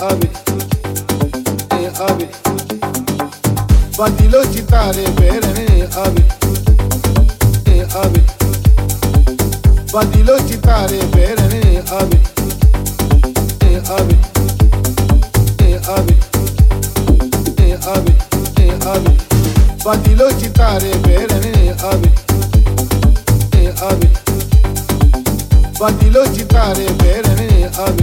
abi ẹ abi bàdí ló ti tààrẹ bẹ̀rẹ̀ ní abi ẹ abi bàdí ló ti tààrẹ bẹ̀rẹ̀ ní abi ẹ abi ẹ abi ẹ abi ẹ abi bàdí ló ti tààrẹ bẹ̀rẹ̀ ní abi ẹ abi bàdí ti tààrẹ bẹ̀rẹ̀ ní abi.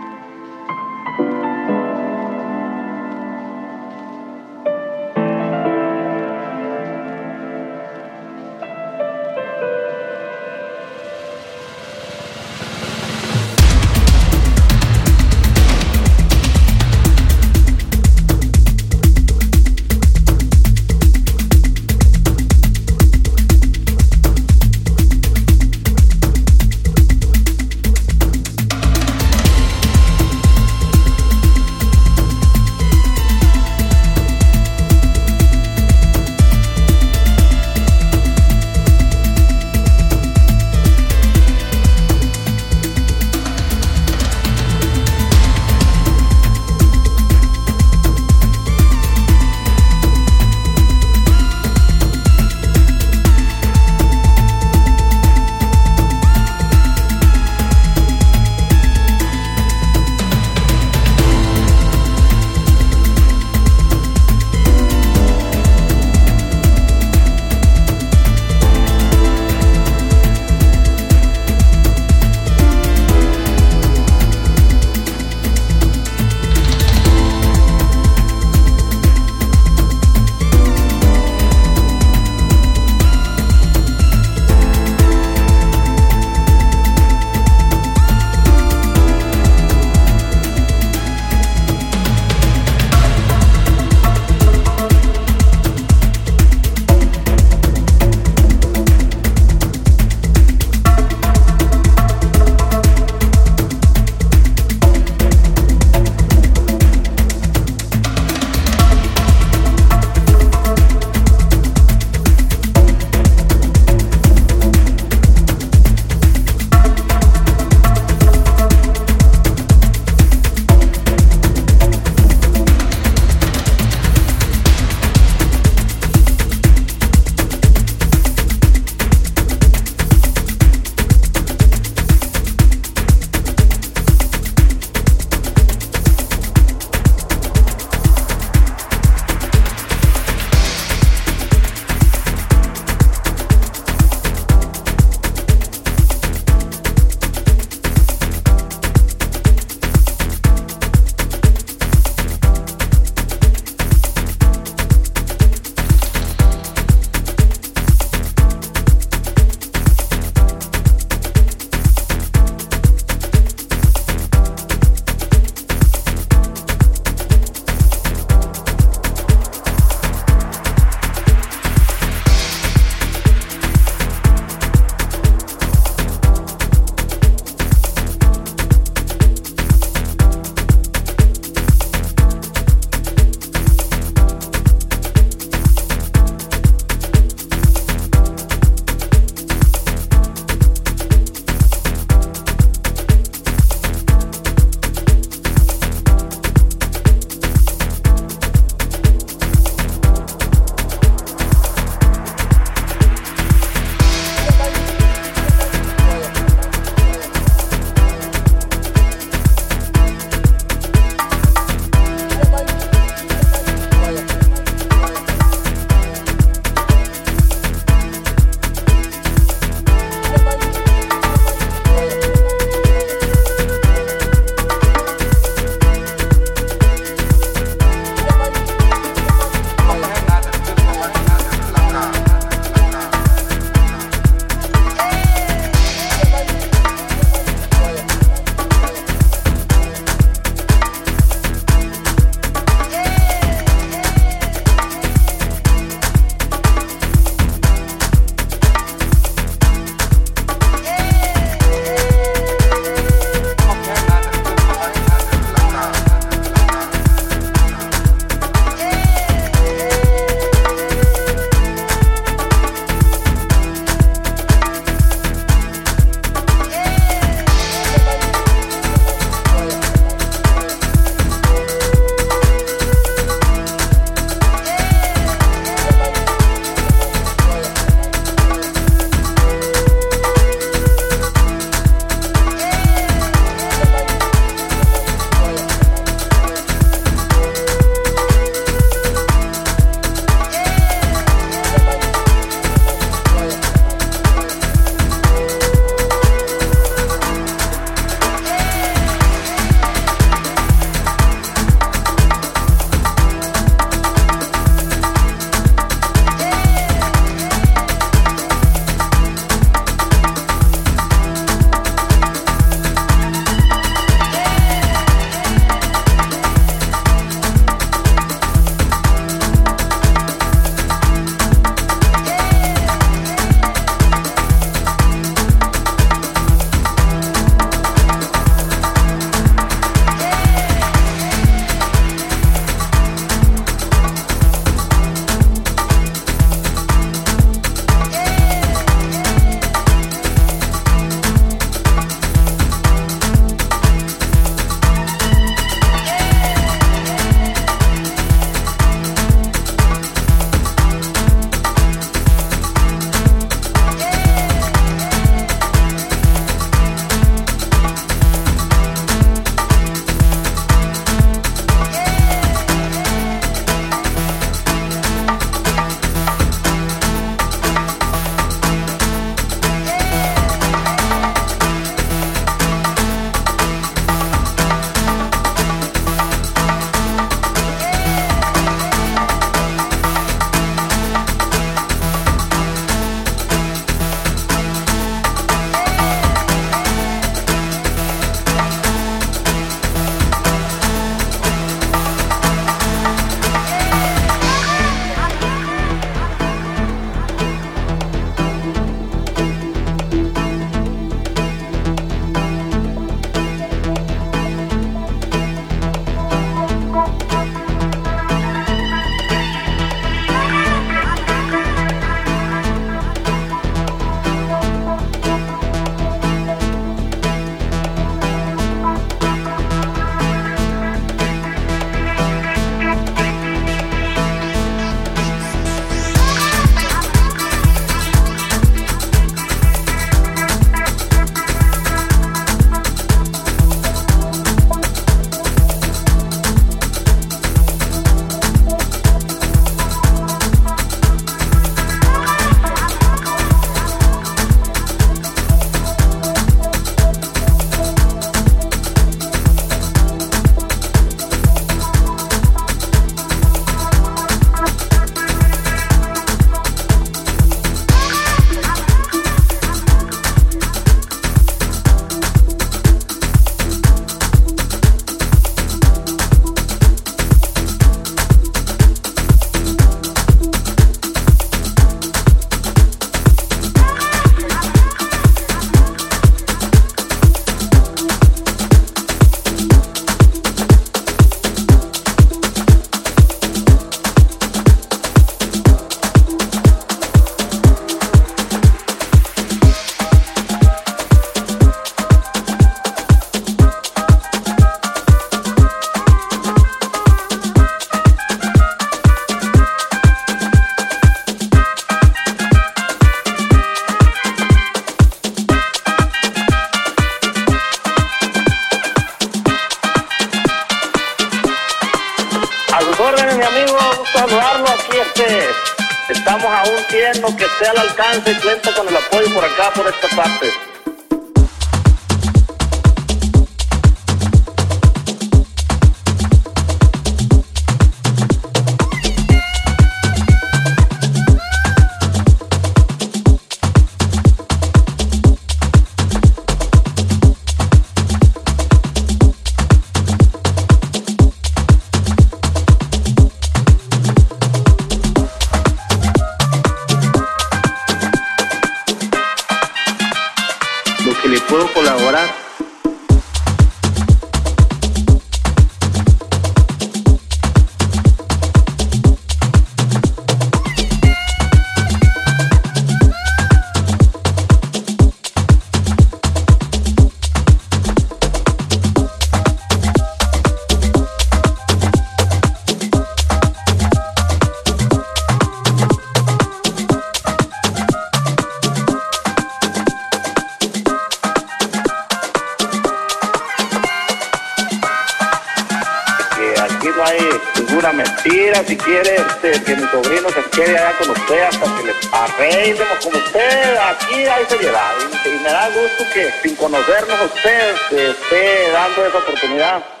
si quiere este, que mi sobrino se quede allá con usted hasta que le arreglemos con usted, aquí hay seriedad. Y, y me da gusto que sin conocernos usted se este, esté dando esa oportunidad.